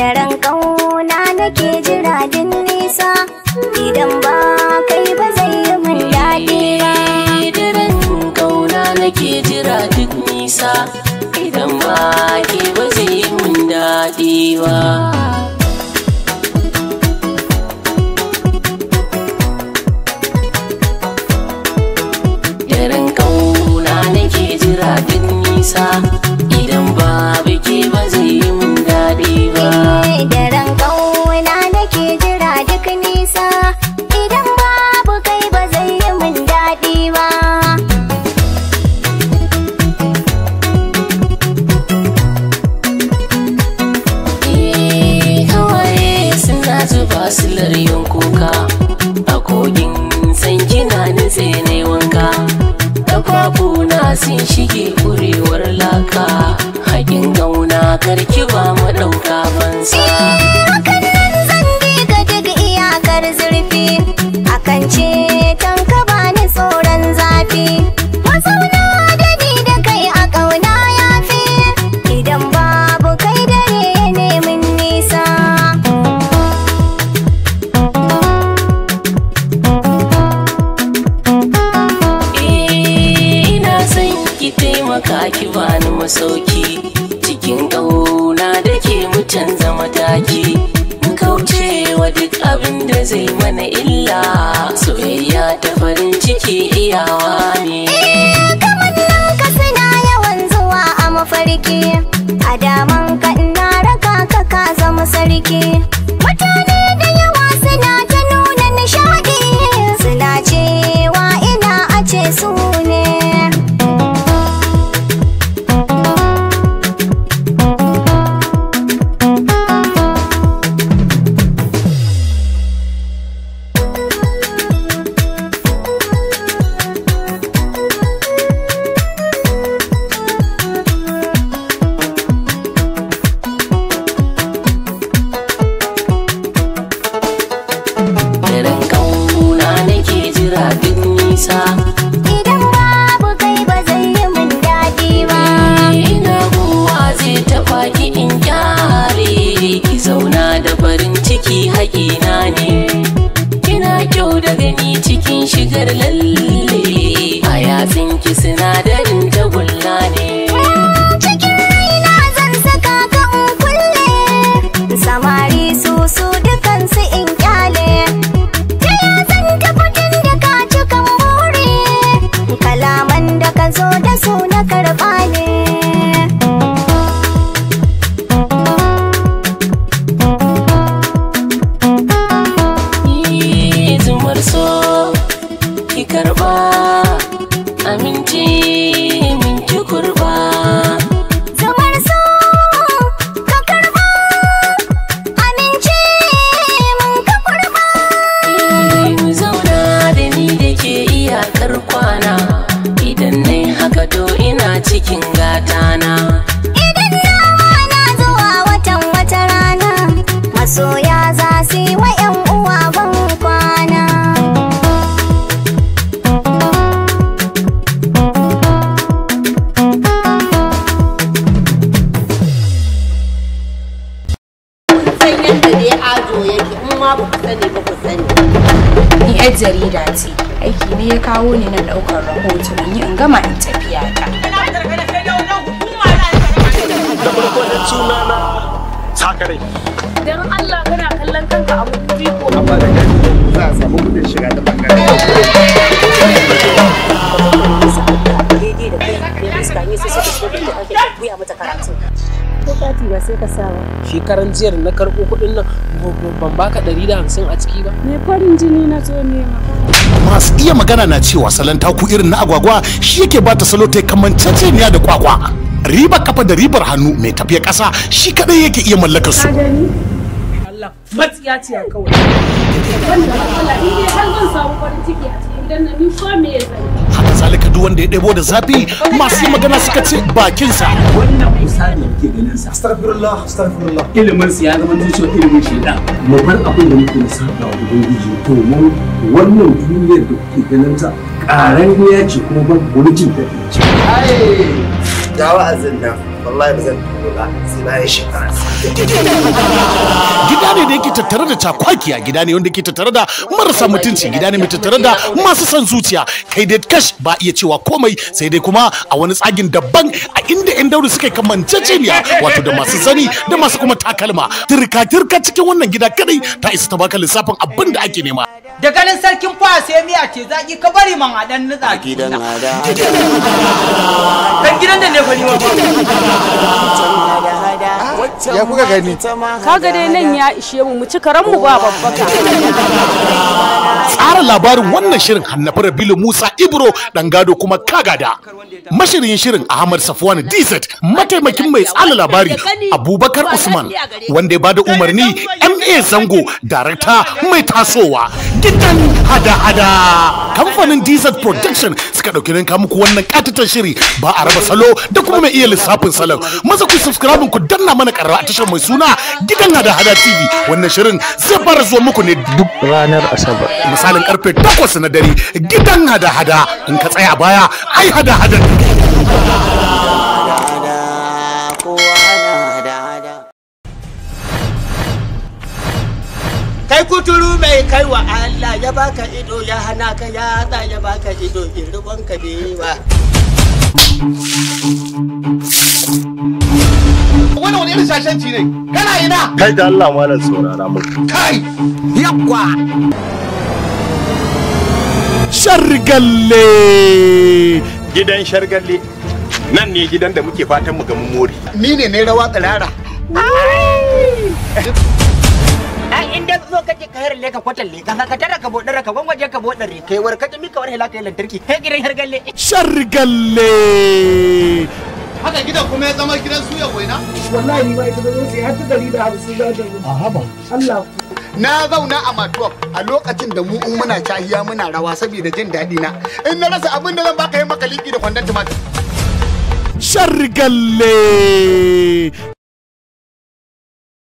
Daren ƙauna nake jira din nisa, idan ba kai ba zai yi min daɗi Daren ƙauna nake jira duk nisa, idan ba kai ba zai yi min daɗi ba. side laka sun shige kurewar laka hakin gauna karki ba madauka fansa eh, kallon zange ga duk iyakar zurfi akan ce tanka bani tsoron zafi ki bani masauki cikin kauna da ke mu canza mataki kauce wa duk abin da zai mana illa soyayya ta farin ciki iyawa ne eh, ka yawan zuwa a mafarki a daman ka ina raka ka ka zama sarki mutane jar lalle a yatsinki sinadari ce aiki ne ya kawo ni na daukar rahoto in in gama in tafiya ta. Allah kana kallon kanka a ko. sai ka sa shekaran jiyar na karɓo kuɗin nan ban baka ɗari da hamsin a ciki ba me farin jini na zo ne ma. masu iya magana na cewa salon taku irin na agwagwa shi yake ba ta salo ta kamanceceniya da kwakwa riba kafa da ribar hannu mai tafiya ƙasa shi kaɗai yake iya mallakar su Allah matsiya ce kawai. haka zalika duk wanda ya ɗebo da zafi masu magana suka ce bakinsa wannan kusa ne ganin sa astagfirullah astagfirullah ilimin sa ya zama zuciya ilimin shaidan mu bar abin da muke saba wa ubangiji to mu wannan duniyar da kuke ganin ta ƙaran ya ce kuma ba wani jin daɗi ce ga wa'azin nan wallahi ba zan tuno ba sai shekara gida ne da yake tattare da cakwakiya gida ne wanda ke tattare da marasa mutunci gida ne mai tattare da masu son zuciya kai dai kash ba iya cewa komai sai dai kuma a wani tsagin daban a inda yan dauri suka kamanceceniya wato da masu sani da masu kuma takalma turka turka cikin wannan gida kadai ta isa ta baka lissafin abin da ake nema da ganin sarkin fa sai miya ce zaki ka bari man a dan nutsa gidan hada dan gidan da ne fari ma ya kuka gani kaga dai nan ya ishe mu mu ci karan mu ba babbaka tsara labarin wannan shirin hannafar bilu musa ibro dan gado kuma kagada mashirin shirin ahmad safwan dizet mataimakin mai tsara labari abubakar usman wanda ya bada umarni ma zango darakta mai tasowa gidan hada-hada kamfanin dizel production suka dauki ninka muku wannan katatar shiri ba a raba salo da kuma mai iya lissafin salon maza ku subscribe ku danna mana karra a tashar mai suna gidan hada-hada tv wannan shirin zai fara zuwa muku ne duk ranar asabar misalin karfe takwas na dare gidan hada-hada in ka tsaya baya ai hada-hada kai kuturu mai kai wa Allah ya baka ido ya hana ka ya ya baka ido irban ka bewa wani wani irin shashanci ne kana ina kai da Allah malam saurara mu kai yawwa shargalle gidan shargalle nan ne gidan da muke fatan mu ga mu more ni ne ne rawa tsirara da zo kake ka le ka ka ka bodar lantarki kai kuma ya zama gidan suya waina na zauna a a lokacin da mu in muna cahiya muna rawa saboda jin daɗi na in na rasa abin da zan baka yi makaliki da kwandon tumatir shargalle